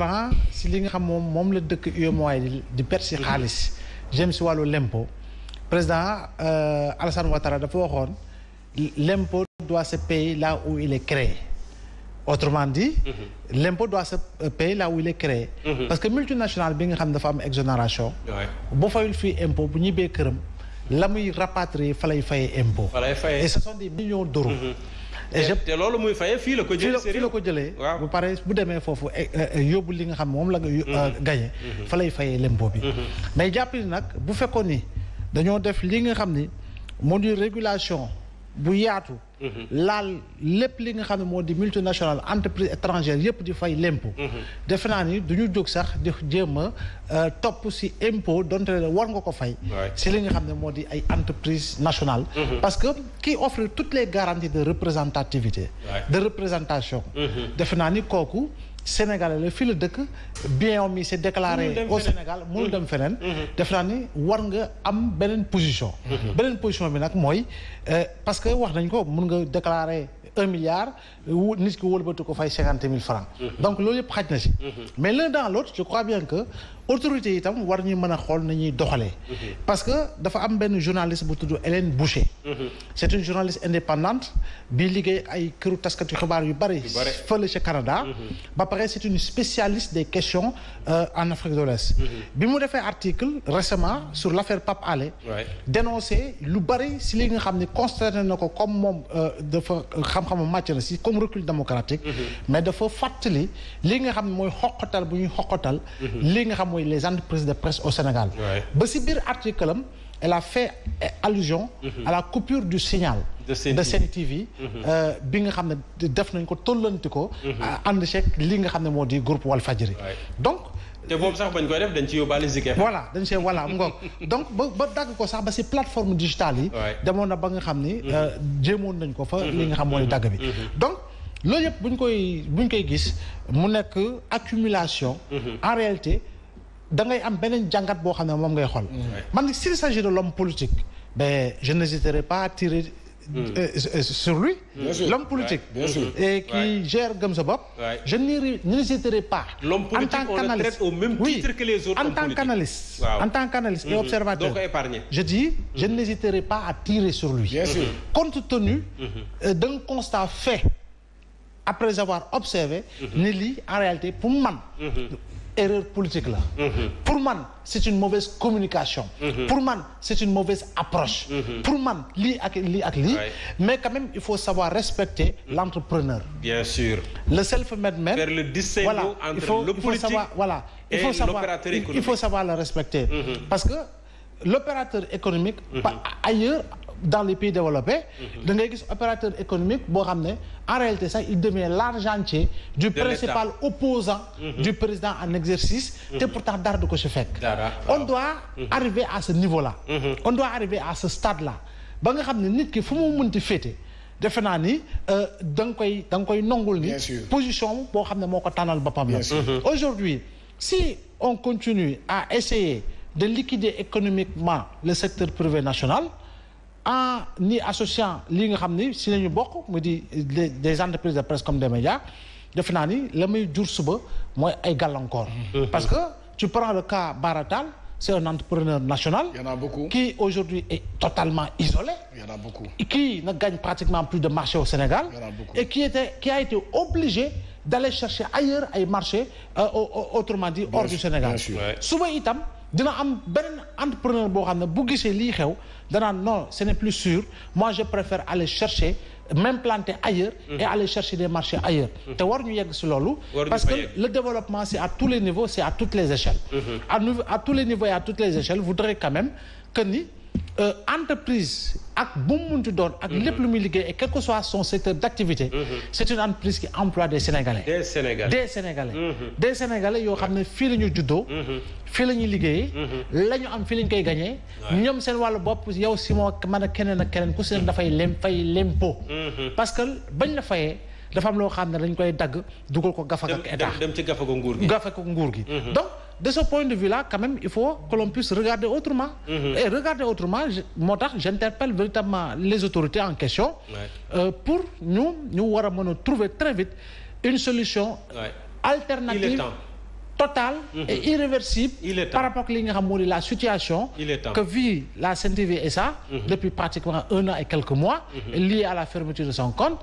Parlant si li nga xam moom moom la dëkk UEMOA yi di perte si xaalis jëm si wàllu lempo président euh, Alassane Ouattara dafa waxoon l'impôt doit se payer là où il est autrement dit mhm. l'impôt doit se payer là où il est mhm. parce que multinationale bi nga xam dafa am exonération bu fayul fii impôt bu ñibbee këram la muy rapatrier fa lay fayee impôt et ce sont des millions et loolu muy fayee fii la ko jëlee fii la ko jëlee. bu pare bu demee foofu eh, eh, eh, yóbbu li nga xam moom la nga. Mm-hmm. Euh, gañe mm-hmm. fa lay fayee lempo bi. Mm-hmm. mais jàpp ni nag bu fekkoon ni dañoo def li nga xam ni moo di régulation bu yaatu. Mmh. laal lépp li nga xam ne moo di multinationale entreprise étrangère yépp di fay l'impôt mmh. defe naa ni du ñu jóg sax di jéem euh, topp si impôt donte war nga ko fay si li nga xam ne moo di ay entreprise nationale mmh. parce que qui offre toutes les garanties de représentativité de représentation defe naa ni kooku Sénégalais fi la dëkk bien om yi c'est déclaré au Sénégal mënul dem mmh. feneen mmh. def naa ni war nga am beneen position mmh. beneen position bi nag mooy euh, parce que wax nañ ko mun nga déclarer un milliard nit ki wëlbatu ko fay cinquante mille francs donc loolu yëpp xaj na si mais l'un dans l'autre je crois bien que autorité itam war ñu mën a xool nañuy ñuy doxalee mhm. parce que dafa am benn journaliste bu tudd Hélène Boucher mhm. c'est une journaliste indépendante bi liggéey ay këru taskati xibaar yu bari fële ca Canada mhm. ba pare c'est une spécialiste des questions euh, en Afrique de l'Ouest bi mu defee article récemment sur l'affaire Pape Alé dénoncé lu bari si li nga xam ni constaté na ko comme moom euh, dafa euh, xam-xama màcc na si comme recul démocratique mais dafa fàttali nga xam mooy xoqatal bu ñuy li nga xam mooy les entreprises de presse au Sénégal ba si biir article elle a fait euh, allusion mhm. à la coupure du signal de Sen TV mhm. euh, bi nga xam ne def nañ ko tollanti ko mhm. ànd ceeg li nga xam ne moo di groupe Walfadjri donc te boobu sax bañ koy def dañ ci yóbbaale Zik FM voilà dañ see voilà mu ngoog donc ba ba dagg ko sax ba si plateforme digitale yi demoon na ba nga xam ni euh, jéemoon nañ ko fa li nga xam mooy dagg bi donc loolu yëpp bu ñu koy bu koy gis mu nekk accumulation da ngay am beneen jàngat boo xam ne moom ngay xool. Mm. man s'il s'agit de l'homme politique ben je n'hésiterai pas à tirer. Mm. Euh, euh, euh, sur lui. l'homme politique. Ouais, bien sûr. et Sa Bopp. Ouais. je n'hésiterai pas. l'homme politique on le traite au même titre oui, en tant qu'analyste waaw. en tant qu'analyste et mm-hmm. observateur je dis je mm-hmm. n'hésiterai pas à tirer sur lui. bien sûr. Mm-hmm. compte tenu. Euh, d'un constat fait après avoir observé. ne lii en réalité pour man. politique la mhm. pour man c'est une mauvaise communication mhm. pour man c'est une mauvaise approche mhm. pour man lii ak lii ak mais quand même il faut savoir respecter l'entrepreneur bien sûr le self-made man le distinguo voilà, entre le politique voilà il faut savoir il faut savoir le respecter parce que l'opérateur économique ailleurs dans les pays développés. Mhm. da ngay gis opérateur économique boo xam ne en réalité sax il devient l'argentier du de principal opposant mhm. du président en exercice mhm. te mm -hmm. pourtant dara du ko ci fekk on doit arriver à ce niveau là on doit arriver à ce stade là ba nga xam ne nit ki fu mu munti féete defe naa ni euh, da nga koy da nga koy nongul ni position boo xam ne moo ko tànnal boppam la aujourd'hui si on continue à essayer de liquider économiquement le secteur privé national en ni associant lii nga xam ni si la ñu bokk mu di des entreprises de presse comme des médias def naa ni la muy jur suba mooy ay gàllankoor. Mm-hmm. parce que tu prends le cas Baratal c'est un entrepreneur national. Il y en a beaucoup. qui aujourd'hui est totalement isolé. Il qui ne gagne pratiquement plus de marché au Sénégal. Il y en a beaucoup. et qui était a été obligé d'aller chercher ailleurs ay marché euh, autrement dit hors du Sénégal. suba itam dina am beneen entrepreneur boo xam ne bu gisee lii xew. danaan non ce n'est plus sûr moi je préfère aller chercher m'implanter ailleurs et mhm. aller chercher des marchés ailleurs mhm. te war ñu yegg si loolu parce que le développement c'est à tous les niveaux c'est à toutes les échelles mhm. à tous les niveaux et à toutes les échelles voudrait quand même que ni Euh, entreprise ak bu mu munti doon ak mhm. lépp lu muy liggéey et quel que soit son secteur d'activité mhm. c'est une entreprise qui emploie des Sénégalais des Sénégalais de Sénégalais mhm. des Sénégalais yoo xam ne fii la ñu juddoo fii la ñuy liggéeyee la ñu am fii lañ koy gañee ñoom seen wàllu bopp yow si moo mën a keneen ak keneen ku seen dafay lem fay l'impôt parce que bañ la fayee dafa am loo xam ne dañ koy dagg dugal ko gafak ak état dem ci gafako nguur gi gafako nguur gi de ce point de vue-là quand même il faut que l'on puisse regarder autrement mhm. et regarder moo tax j'interpelle véritablement les autorités en question ouais. Euh, pour ñu ñu war a mën a trouver très vite une solution ouais. alternative totale mm -hmm. et irréversible par rapport que li nga xam moo la situation que vit la SenTV SA mm -hmm. depuis pratiquement un an et quelques mois mhm. liée à la fermeture de son compte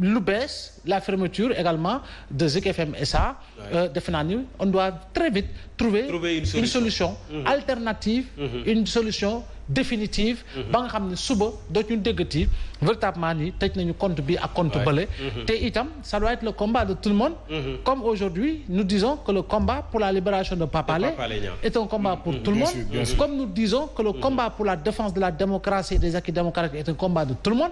lu bees la fermeture également de Zik FM SA. Euh, defe naa ni on doit très vite. trouver, trouver une solution, une solution mmh. alternative. Mmh. une solution. définitive mhm. ba nga xam ne suba dootuñu déggati véritablement ni tëj nañu compte bi ak compte bële mhm. te itam ça doit être le combat de tout le mhm. comme aujourd'hui nous disons que le combat pour la libération de Pape Alé est un combat pour tout le monde comme nous disons que le combat pour la défense de la démocratie et des acquis démocratiques est un combat de tout le monde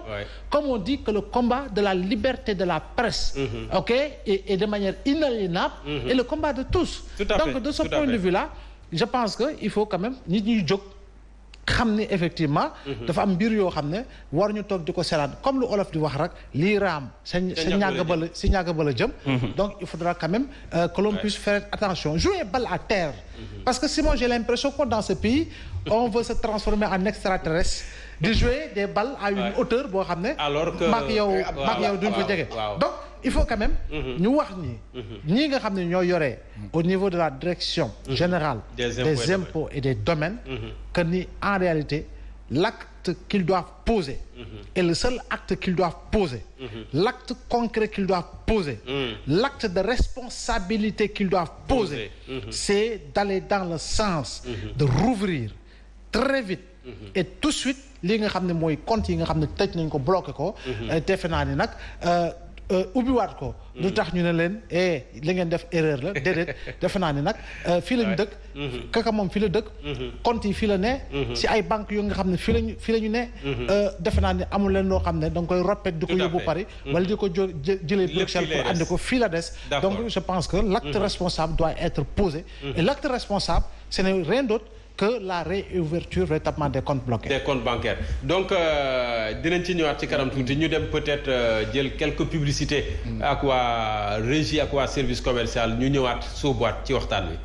comme on dit que le combat de la liberté de la presse ok et de manière inaliénable et le combat de tous donc de je pense que il faut quand même nit ñuy jóg xam ni effectivement. Mhm. dafa am mbir yoo xam ne war ñu toog di ko seetaan comme lu olof di wax rek li raam. sa ñàgg ba la si ñàgg ba la jëm. Mhm. donc il faudra quand même euh, que l'on ouais. puisse attention jouer balle à terre. Mhm. parce que sinon j'ai l'impression que dans ce pays on veut se transformer en extraterrestre. di jouer des balles à une hauteur boo xam ne. alors que maak yow euh, maak jege il faut quand même. Mhm. ñu wax ni mhm. ñii nga xam ne ñoo yore. au niveau de la direction. Mhm. générale des impôts, des impôts et des domaines. que ni en réalité l'acte qu'ils doivent poser. est le seul acte qu'ils doivent poser. l'acte concret qu'ils doivent poser. l'acte de responsabilité qu'ils doivent poser. c'est d'aller dans le sens. de rouvrir très vite. et tout suite li nga xam ne mooy compte yi nga xam ne tëj nañ ko bloqué ko. Euh, defe naa ni nag. Euh, Euh, ubbiwaat ko. Mm. lu tax ñu ne leen eh li ngeen def erreur la déedéet defe naa ne nag euh, fii la dëkk. Mm-hmm. kaka moom fii la dëkk. Mm-hmm. compte yi fii la ne. Mm-hmm. si ay banque yoo nga xam ne fii la ñu fii la ñu ne. Euh, defe naa ne amul leen loo xam ne da nga koy roppet di ko yóbbu Paris. wala di ko jë jëlee Bruxelles pour andi ko fii la des. donc je pense que l' acte responsable doit être posé. et l' acte responsable ce n' que la réouverture véritablement des comptes bloqués. des comptes bancaires donc euh, dinañ ci ñëwaat ci kanam tuuti ñu dem peut-être euh, jël quelque publicité mm. ak waa régie ak waa service commercial ñu ñëwaat suubaat ci waxtaan wi.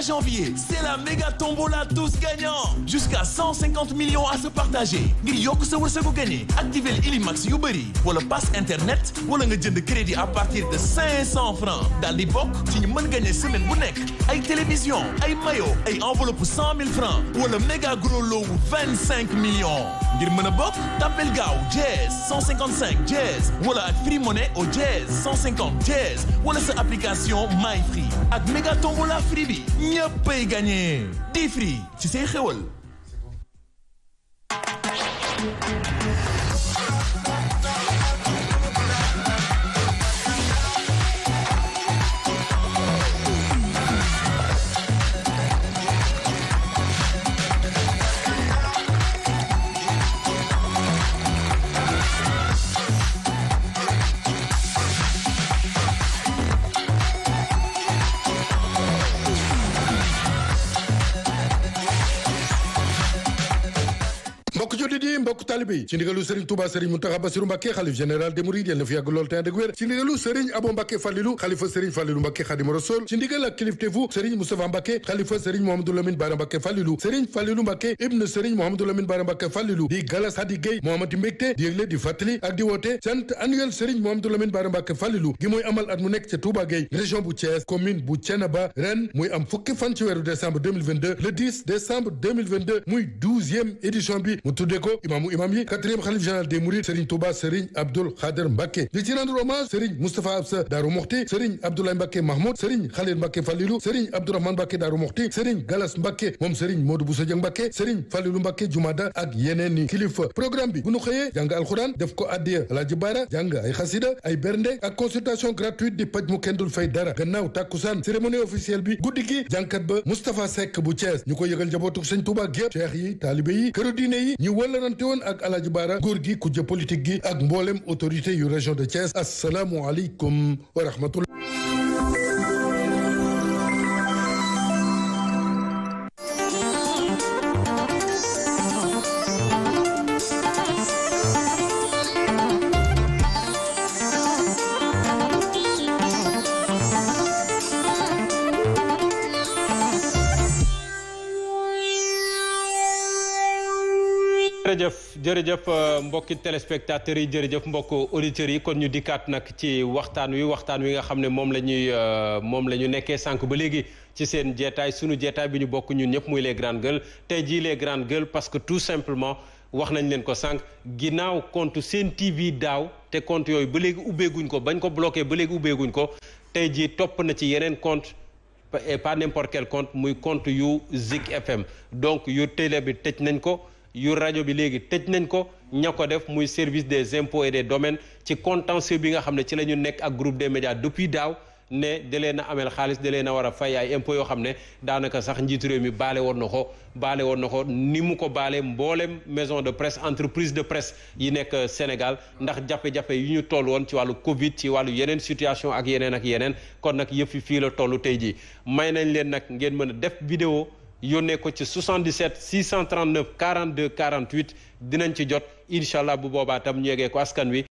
21 janvier c'est la méga tombola tous gagnants jusqu'à 150 millions à se partager ngir yokk sa wërsëgu gagné activer Ilimax yu wala passe internet wala nga jënd crédit à partir de 500 francs daal di bokk ci gagné semaine bu nekk ay télévision ay maillot ay enveloppe 100 000 francs wala méga gros lot 25 millions ngir mën a bokk tapel gaaw Jazz 155 Jazz wala ak Free Money au Jazz 150 Jazz wala sa application MyFree ak méga tombola free bi ñëppay gagné Difri ci say xéwal. taalibe yi ci ndigalu Serigne Touba Serigne Mountakha Bassirou Mbacké xalif général des Mourides yal na fi yàgg lool te ànd ci ndigalu Serigne Abo Mbacké Fallilou xalifa Serigne Fallilou Mbacké Khadim Rassoul ci ndigal ak kilifteefu Serigne Moustapha Mbacké xalifa Serigne Mouhamadou Lamine Bara Mbacké Fallilou Serigne Fallilou di Galas Hadi Gueye moo amati di yëgle di fàttali ak di annuel Serigne Mouhamadou Lamine Bara Mbacké Fallilou gi mooy amal at ca Touba Gueye région bu commune bu imam yi quatrième xalif général des Mourides Serigne Touba Serigne Abdoul Khader Mbacké di ci Absa Darou Mokhti Serigne Abdoulaye Mbacké Mahmoud Serigne Khalil Mbacké Falilou Serigne Abdourahmane Mbacké Darou Mokhti Serigne Galas Mbacké moom Serigne Modou Bousso Dieng Mbacké Serigne Falilou Mbacké Jumada ak yeneen i kilifa programme bi bu nu xëyee jàng alxuraan def ko addiya Alaaji Baara jàng ay xasida ay bernde ak consultation gratuite di paj mu kenn fay dara gannaaw tàkkusaan ak Alaaji Baara góor gi ku jë politique gi ak mboolem autorité yu région de Thiès asalaamualeykum wa rahmatullah jërëjëf euh, mbokki téléspectateurs yi jërëjëf mbokk auditeurs yi kon ñu dikkaat nag ci waxtaan wi waxtaan wi nga xam ne moom la ñuy euh, moom la ñu nekkee sànq ba léegi ci seen jeetaay suñu jeetaay bi ñu bokk ñun ñëpp muy les grandes gueules tey jii les grandes gueules parce que tout simplement wax nañ leen ko sànq ginnaaw compte seen TV daaw te conte yooyu ba léegi ubbeeguñ ko bañ ko bloqué ba léegi ubbeeguñ ko tey jii topp na ci yeneen compte et pas n'importe quel compte muy compte yu Zik FM donc yu télé bi tëj nañ ko yu rajo bi léegi tëj nañ ko ña ko def muy service des impôts des domaines ci contentieux bi nga xam ne ci la ñu nekk ak groupe des médias depuis daaw ne dalee na amel xaalis dalee na war a fay ay impôts yoo xam ne daanaka sax njiitu réew mi baale woon na ko baale woon na ko ni mu ko baale mboolem maison de presse entreprise de presse yi nekk Sénégal ndax jafe-jafe yu ñu toll woon ci wàllu Covid ci wàllu yeneen situation ak yeneen ak yeneen kon nag yëf yi fii la toll tey jii may nañ leen nag ngeen mën a def vidéo yónnee ko ci 77 639 42 48 dinañ ci jot incha allah bu boobaa tam ñu yeggee ko askan wi.